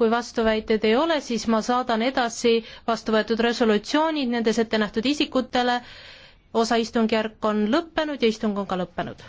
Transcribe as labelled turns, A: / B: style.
A: kui vastuväiteid ei ole, siis ma saadan edasi vastu võetud resolutsioonid nendes ette nähtud isikutele. osa istungjärk on lõppenud ja istung on ka lõppenud.